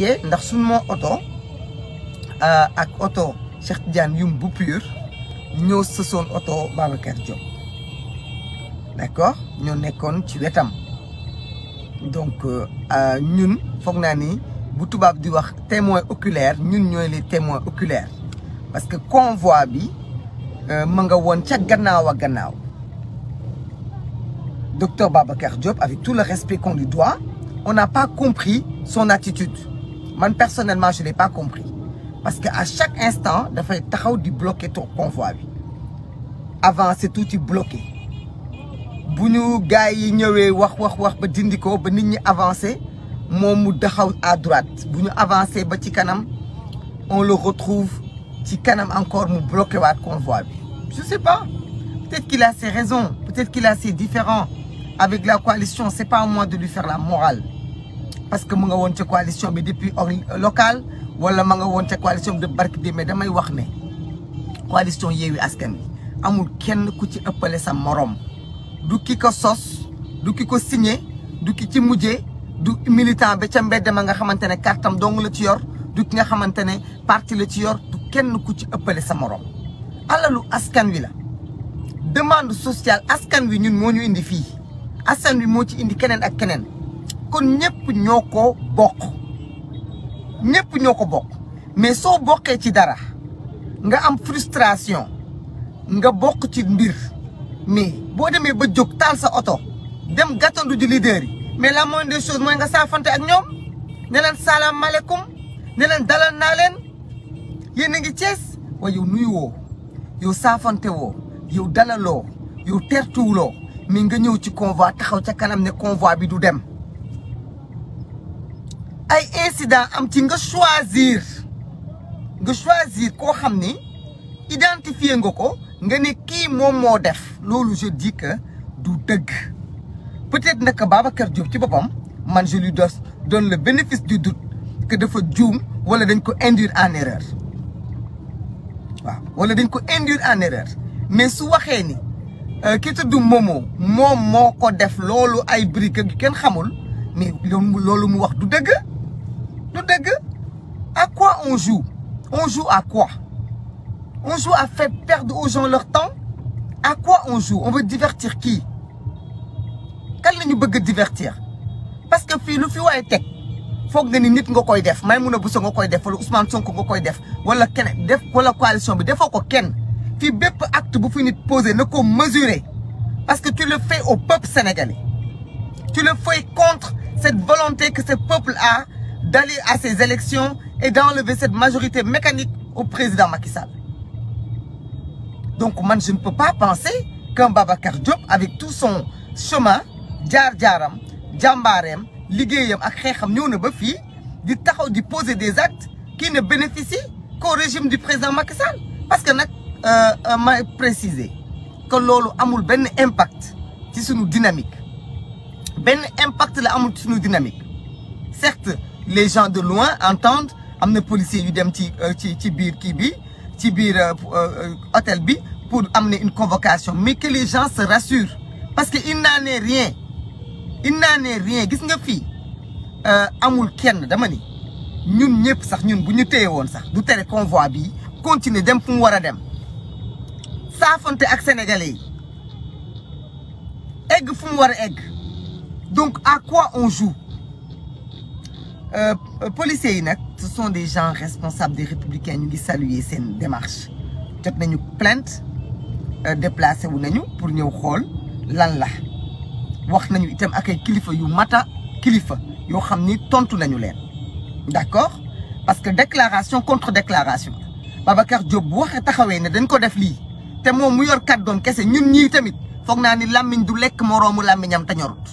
fekkee ndax suñ moo oto euh, ak oto Cheikh Tidiane yum bu pur ñoo sësoon oto Babacar Diop d'accord ñoo nekkoon ci wetam donc euh, euh, ñun foog naa ni bu tubaab di wax témoin oculaire ñun ñooy les témoins oculaires parce que convoi bi ma nga woon ca gannaaw a gannaaw docteur Babacar Diop avec tout le respect qu'on di doit on n'a pas compris son attitude man personnellement je l'ai pas compris parce que à chaque instant dafay taxaw di bloquer ton convoi bi avant c'est tout ci bloqué bu ñu gars yi ñëwee wax wax wax ba dindi ko ba nit ñi avancé moom mu taxaw à droite bu ñu avancé ba ci kanam on le retrouve ci kanam encore mu bloqué waat convoi bi je sais pas peut-être qu'il a ses raisons peut-être qu'il a ses la coalition c'est pas à de lui faire la morale parce que mu nga woon ca coalition bi depuis local wala ma nga woon ca coalition bi de barki mais damay wax ne coalition Yewwi Askan Wi amul kenn ku ci ëppale sa morom du ki ko sos du ki ko signé du ki ci mujje du militant ba ca mbedd ma nga xamante ne kartam dong la ci yor du ki nga xamante ne parti la ci yor du kenn ku ci ëppale sa morom alalu askan wi la demande sociale askan wi ñun moo ñu indi fii askan wi moo ci indi keneen ak keneen kon ñëpp ñoo ko bokk ñëpp ñoo ko bokk mais soo bokkee ci dara nga am frustration nga bokk ci mbir mais boo demee ba jóg taal sa oto dem gàttandu ji leader yi mais la moindre des choses mooy nga saafante ak ñoom ne leen salaamaaleykum ne leen yéen a ngi Cees waaye yow nuyu woo yow saafante woo yow dalaloo yow tertuwuloo mais nga ñëw ci convoi taxaw ca kanam ne convoi bi du dem ay incident am ci nga choisir nga choisir koo xam ni identifier nga ko nga ne kii moom moo def loolu je dis du dëgg peut-être nag Babacar Diop ci boppam man je lui dos donne le bénéfice du doute que dafa juum wala dañ ko induire en waaw wala dañ ko induire en mais su waxee ni euh, ki tudd Momo moom moo ko def loolu ay briques yu kenn xamul mais loolu mu wax du dëgg. du dëgg à quoi on joue on joue à quoi on joue à faire perdre aux gens leur temps à quoi on joue on veut divertir qui kan nañu ñu bëgg a divertir parce que fii lu fi waaye teg foog nga ni nit nga koy def Maimouna Bousso nga koy def wala Ousmane Sonko nga koy def wala keneen def wala coalition bi defoo ko kenn fii bépp acte bu fi nit posé na ko mesurer parce que tu le fais au peuple sénégalais tu le fais contre cette volonté que ce peuple a d'aller à ces élections et d'enlever cette majorité mécanique au président Macky Sall. Donc, man, je ne peux pas penser qu'un Babacar Diop, avec tout son chemin, Djar Djaram, Djambarem, Ligueyam, Akhekham, nous ne Buffy, du Taho, di poser des actes qui ne bénéficient qu'au régime du président Macky Sall. Parce que, euh, euh m'a précisé que l'olo amul ben impact sur nos dynamiques. Ben impact la amoul sur nos dynamiques. Certes, les gens de loin entendent am na policier yu dem ci euh, ci ci biir kii bi ci biir euh, euh, hôtel bi pour am na une convocation mais que les gens se rassurent parce que il n'en est rien il n'en rien gis nga fii amul kenn dama ni ñun ñëpp sax ñun bu ñu téye woon sax du tere convoi bi continuer dem fu mu war a dem saafante ak sénégalais yi egg fu mu war a egg donc à quoi on joue Euh, euh, policiers yi nag ce sont des gens responsables des républicains ñu ngi saluer seen démarche jot nañu plainte euh, déplacé wu nañu pour ñëw xool lan la wax nañu itam ak kilifa yu mata kilifa yoo xam ni tontu nañu leen d'accord parce que déclaration contre déclaration Babacar Diop bu waxee taxawee ne dañ ko def lii te moom mu yor kàddoom kese ñun ñii tamit foog naa ni làmmiñ du lekk moroomu làmmiñam te ñorut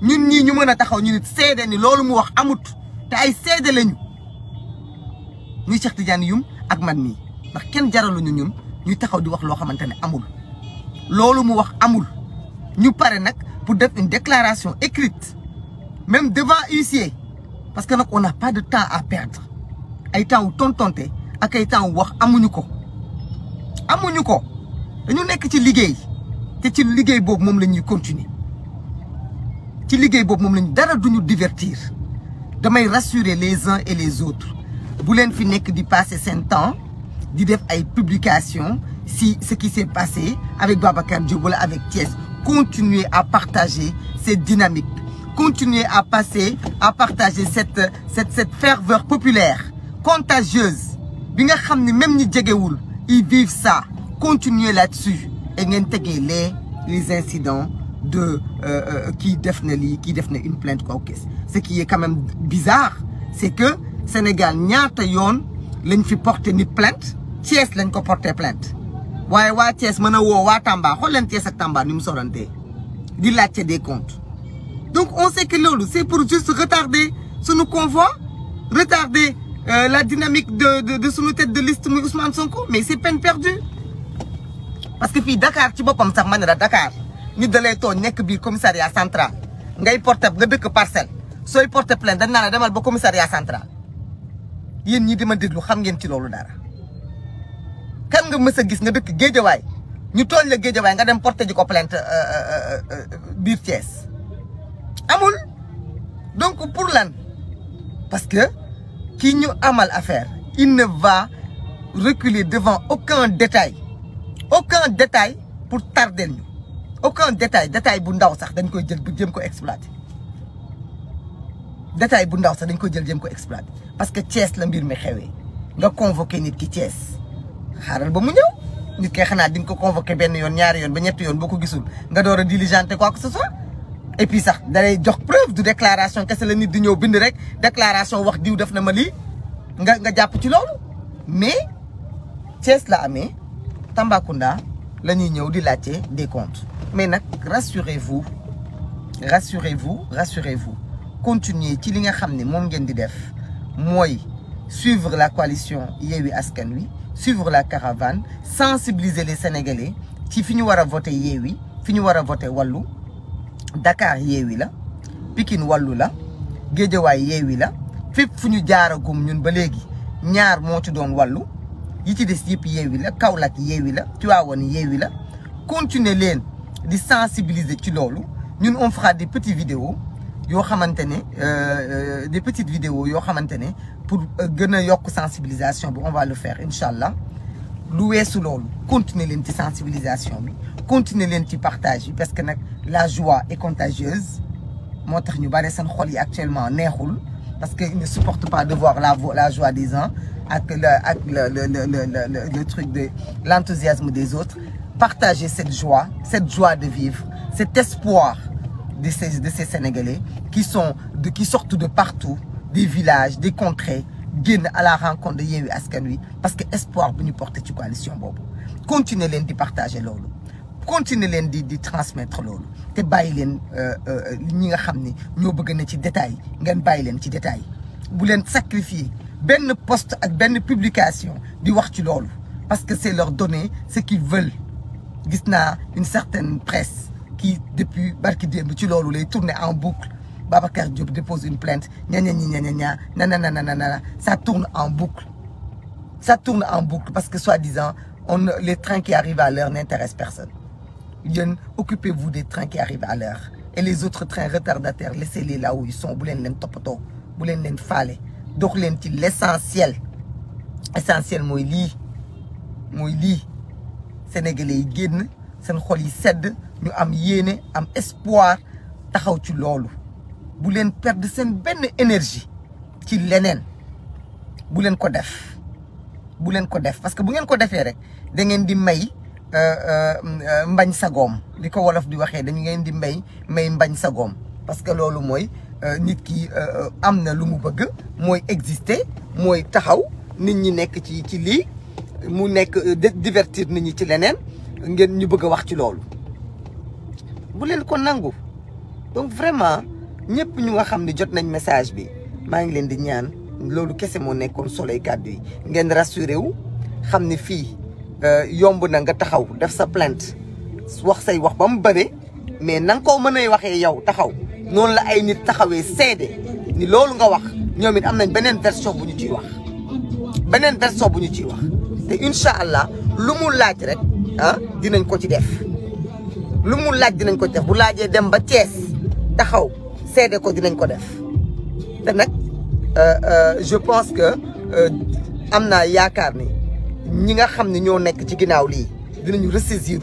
ñun ñii ñu mën a taxaw ñu nit seede ni loolu mu wax amut te ay seede lañu muy Cheikh ak man mii ndax kenn jaraluñu ñun ñuy taxaw di wax loo xamante ne amul. loolu mu wax amul ñu pare nag pour def une déclaration écrite même devant huissier parce que nag on n'a pas de temps à perdre ay temps wu tontonte ak ay temps wax amuñu ko. amuñu ko dañu nekk ci liggéey te ci liggéey boobu moom la ñuy continuer ci liggéey boobu moom la dara duñu divertir. damay rassurer les uns et les autres bu leen fi nekk di passer seen temps di def ay publication si ce qui s'est passé avec Babacar Diop wala avec Thiès continuer à partager cette dynamique continuer à passer à partager cette cette cette ferveur populaire contagieuse bi nga xam ne même ñi jegewul ils vivent ça continuer là-dessus et ngeen tegee les les incidents de kii euh, euh, def na lii kii def na une plainte ko kes ce qui est quand même bizarre que Sénégal ñaata yoon lañ fi porte ni plainte Thiès lañ ko porte plainte waaye waa Thiès mën a woo waa Tamba xool leen Thiès ak Tamba ni mu sorantee di laajte des comptes donc on sait que loolu c'est pour juste retarder suñu convoi retarder euh, la dynamique de de de suñu tête de liste muy Ousmane Sonko mais c'est peine perdue parce que fii Dakar ci boppam sax ma ne la Dakar. nit da lay tooñ nekk biir commissariat central ngay porté nga dëkk parcelle sooy porté plainte dañ naa demal ba commissariat central yéen ñi di ma déglu xam ngeen ci loolu dara. kan nga mës a gis nga dëkk géejawaay ñu tooñ la géejawaay nga dem porté ji ko euh, euh, euh, biir Thiès amul donc pour lan parce que ki ñu amal affaire il va reculer devant aucun détail aucun détail pour tarder ñu. aucun détail détail bu ndaw sax dañ koy jël bu jëm ko exploité détail bu ndaw sax dañ koy jël jëm ko exploité parce que Thiès la mbir mi xewee nga convoqué nit ki Thiès xaaral ba mu ñëw nit kay xanaa di nga ko convoqué benn yoon ñaari yoon ba ñetti yoon boo ko gisul nga door a diligenté quoi que ce soit et puis sax dalay jox preuve du déclaration kese la nit di ñëw bind rek déclaration wax diw def na ma lii nga nga jàpp ci loolu mais Thiès la amee Tambacounda lañuy ñuy ñëw di laajte des mais nag rassurez-vous rassurez-vous rassurez-vous ci li nga xam ne moom ngeen di def mooy suivre la coalition Yewwi Askan Wi suivre la caravane sensibiliser les Sénégalais ci fi ñu war a voté Yewwi fi ñu war a voté wàllu Dakar Yewwi la pikin wàllu la Géejawaay Yewwi la fépp fu ñu jaaragum ñun ba léegi ñaar moo ci doon wàllu yi ci des yëpp Yewwi la Kaolack Yewwi la Tivaouane Yewwi la continuer leen di sensibiliser ci loolu ñun on fera des petites vidéos yoo xamante ne euh, euh, des petites vidéo yoo xamante ne pour euh, gën a yokk sensibilisation bi on va le faire incha allah lu weesu loolu continue leen ci sensibilisation bi continuer leen ci partage bi parce que nag la joie est contagieuse moo tax ñu bare seen xol yi actuellement neexul parce qu'ils ne supportent pas de voir la, la joie des uns ak le, avec le, le, truc de l'enthousiasme des autres. partager cette joie, cette joie de vivre, cet espoir de ces, de ces Sénégalais qui, sont, de, qui sortent de partout, des villages, des contrées, génn à la rencontre de Yewwi Askan Wi parce que espoir bu ñu porté ci coalition boobu continuer leen di partager loolu continuer leen di di transmettre loolu te bàyyi leen euh, euh, ñi nga xam ni ñoo bëgg na ci détail ngeen bàyyi leen ci détail bu leen sacrifier benn poste ak benn publication di wax ci loolu parce que c'est leur donner ce qu'ils veulent gis naa une certaine presse qui depuis barki démb ci loolu lay tourner en boucle Babacar Diop dépose une plainte ña ña ñi ña na ña nananana ça tourne en boucle ça tourne en boucle parce que soi-disant on les trains qui arrivent à l'heure n'intéressent personne yéen occupez-vous des trains qui arrivent à l'heure et les autres trains retardataires laissez-les là où ils bu leen leen toppatoo bu leen leen faale dox leen ci l'essentiel essentiel mooy lii mooy lii sénégalais yi génn seen xol yi sedd ñu am yéene am espoir taxaw ci loolu bu leen perdre seen benn énergie ci leneen bu leen ko def bu leen ko def parce que bu ngeen ko defee rek dangeen ngeen di may euh, euh, euh, mbañ sagoom li ko wolof di waxee dañu ngeen di may may mbañ sagoom parce que loolu mooy nit ki am na lu mu bëgg mooy existe mooy taxaw nit ñi nekk ci ci lii mu nekk euh, divertir nit ñi ci leneen ngeen ñu bëgg a wax ci loolu bu leen ko nangu donc vraiment ñëpp ñu nga xam ne jot nañ message bi maa ngi leen di ñaan loolu kese moo nekkoon soloy kàddu yi ngeen rassuré wu xam ni fii euh, yomb na nga taxaw def sa plainte wax say wax ba mu bëre mais nanga koo mën ay waxee yow taxaw noonu la ay nit taxawee seede ni loolu nga wax ñoom it am nañ beneen version bu ñu ciy wax beneen version bu ñu ciy wax te incha allah lu mu laaj rek ah dinañ ko ci def lu mu laaj dinañ ko ci def bu laajee dem ba Thiès taxaw seede ko dinañ ko def te nag euh, euh, je pense que euh, am naa yaakaar ni ñi nga xam ne ñoo nekk ci ginnaaw lii dinañu ressaisir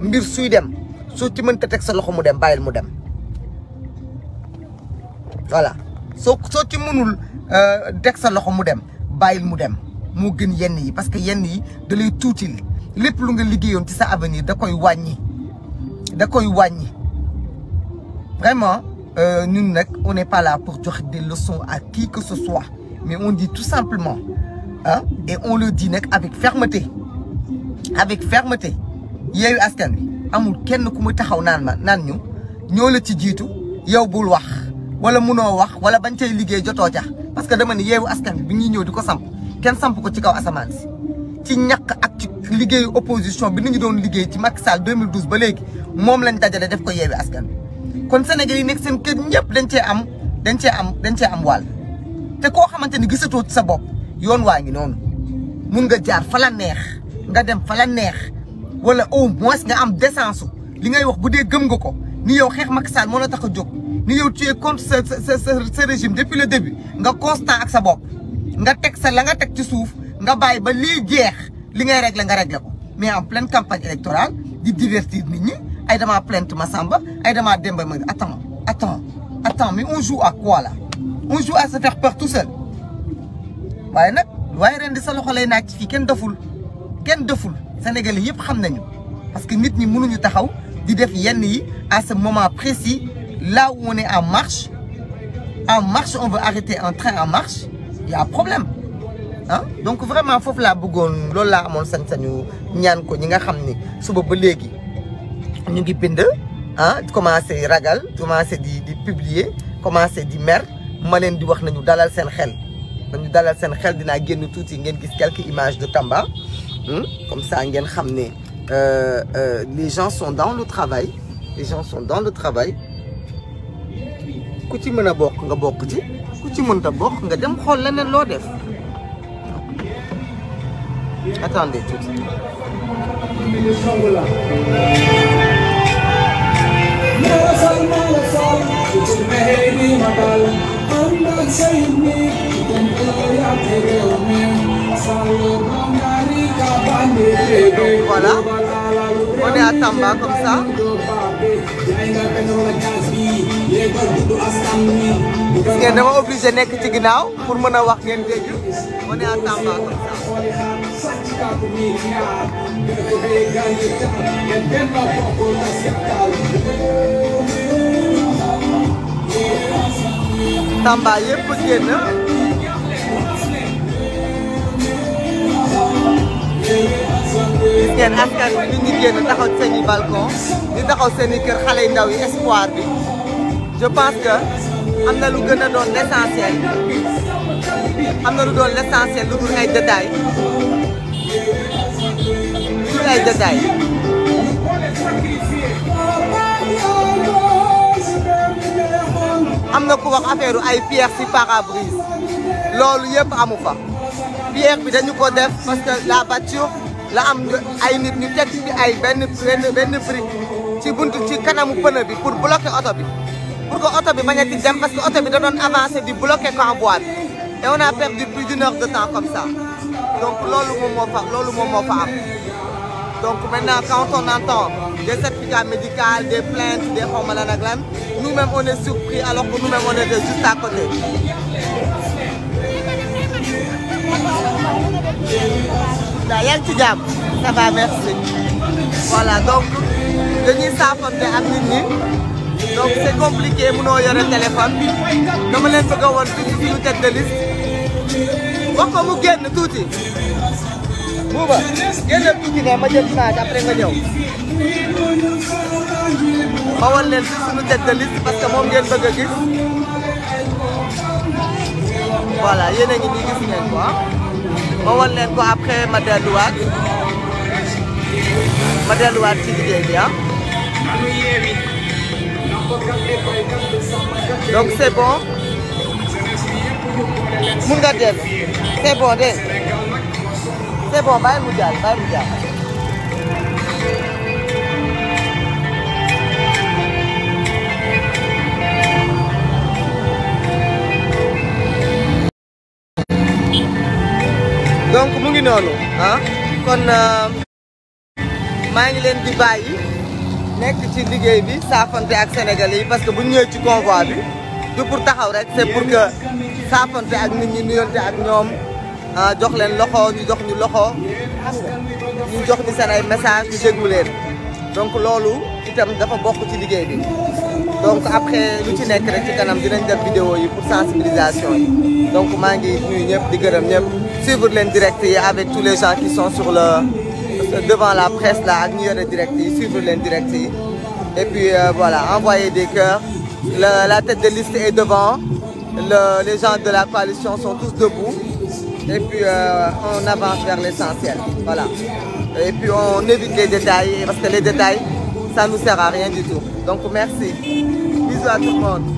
mbir suy dem soo ci mënta teg sa loxo mu dem bàyyil mu dem voilà soo soo ci mënul teg sa loxo mu dem bàyyil mu dem moo gën yenn yi parce que yenn yi da lay tuutil lépp lu nga liggéeyoon ci sa avenir da koy wàññi da koy wàññi vraiment euh, ñun nag on n'est pas là pour joxe des leçons à qui que ce mais on dit tout simplement ah et on le dit nag avec fermeté avec fermeté yeeyu askan wi amul kenn ku mu taxaw naan ma naan ñu ñoo la ci jiitu yow bul wax wala munoo wax wala bañ tey liggéey jotoo ca parce que dama ne yeewu askan wi bi ñuy ñëw di ko samp kenn samp ko ci kaw asamaan si ci ñàkk ak ci liggéeyu opposition bi ni ñu doon liggéey ci Macky Sall 2012 ba léegi moom lañ dajale def ko yeewi askan bi kon Sénégal yi nekk seen kër ñëpp dañ cee am dañ cee am dañ cee am wàll te koo xamante ni gisatoo ci sa bopp yoon waa ngi noonu mun nga jaar fa la neex nga dem fa la neex wala au moins nga am décence li ngay wax bu dee gëm nga ko ni yow xeex Macky Sall moo la tax a jóg ni yow tu es contre sa sa sa régime depuis le début nga constant ak sa bopp. nga teg sa la nga teg ci suuf nga bàyyi ba lii jeex li ngay régler nga régler ko mais en pleine campagne électorale di divertir nit ñi ay dama ma Massamba ay dama Demba ma attends attends attends mais on jour à quoi là on joue à se faire peur tout waaye nag waaye ren di sa loxo lay naaj fii kenn deful kenn deful Sénégalais yëpp xam nañu parce que nit ñi mënuñu taxaw di def yenn yi à ce moment précis laa où en marche en marche on veut arrêter en train en marche y a problème ah donc vraiment foofu laa bëggoon loolu laa amoon sañ-sañu ñaan ko ñi nga xam ni suba ba léegi ñu ngi bind ah commencé ragal commencé di di publier commencé di mer ma leen di wax nañu dalal seen xel nañu dalal seen xel dinaa génn tuuti ngeen gis quelques image de Tamba comme ça ngeen xam ne euh, euh, les gens sont dans le travail les gens sont dans le travail ku ci mën a bokk nga bokk ci ku ci mënta bokk nga dem xool leneen loo def attendez tuuti gis ngeen dama obligé nekk ci ginnaaw pour mën a wax ngeen dégg on est à Tamba comme a Tamba yëpp génn. gis ngeen askan bi ñu ngi taxaw ci seen i balcon di taxaw seen kër xale yu ndaw yi espoir bi. je pense que am na lu gën a doon l'essentiel am na lu doon l'essentiel lu dul ay détails lu dul ay détails am na ku wax affaire ay pierre ci pare loolu yëpp amu fa pierre bi dañu ko def parce la voiture la am ay nit ñu teg bi ay benn benn benn ci bunt ci kanamu pneu bi pour bloquer oto bi pour que bi a ci dem bi da doon avancé di bloqué convoi bi a perdu plus loolu moom moo loolu moom moo fa am donc maintenant quand on entend des certificats médicaux des plaintes des ma lan ak lan nous-mêmes on est surpris alors que nous-mêmes on était juste à côté. waaw yaa ngi ci jàmm ça va merci voilà donc dañuy saafoonte ak nit ñi. donc c' est compliqué mënoo yore téléphone dama leen bëgg a wan ci suñu tête de liste wax ko mu génn tuuti buuba génnal tuuti ne ma jël image après nga ñëw ma wan leen ci suñu tête de liste parce que moom ngeen bëgg a gis voilà yéen ngi nii gis ngeen ko ah. ma wan leen ko après ma delluwaat ma delluwaat ci liggéey bi ah donc c'est bon mun nga jël c'est bon de c'est bon bàyyi mu jàll bàyyi mu jàll donc mu ngi noonu ah kon euh, maa ngi leen di bàyyi nekk ci liggéey bi saafante ak sénégalais yi parce que bu ñu ñëwee ci convoi bi du pour taxaw rek c'est pour que saafante ak nit ñi nuyonte ak ñoom ah, jox leen loxo ñu jox ñu loxo ñu jox ñu seen ay message ñu déglu leen donc loolu itam dafa bokk ci liggéey bi donc après lu ci nekk rek ci kanam dinañ def vidéo yi pour sensibilisation yi donc maa ngi nuyu ñëpp di gërëm ñëpp suivre leen direct yi avec tous les gens qui son sur le devant la presse là ak ñu yore direct yi suivre euh, leen des cœurs la, la tête de liste est devant les gens de la coalition sont tous debout et puis euh, l'essentiel voilà et puis évite les détails parce que les détails ça nous sert à rien du tout donc merci bisous à tout le monde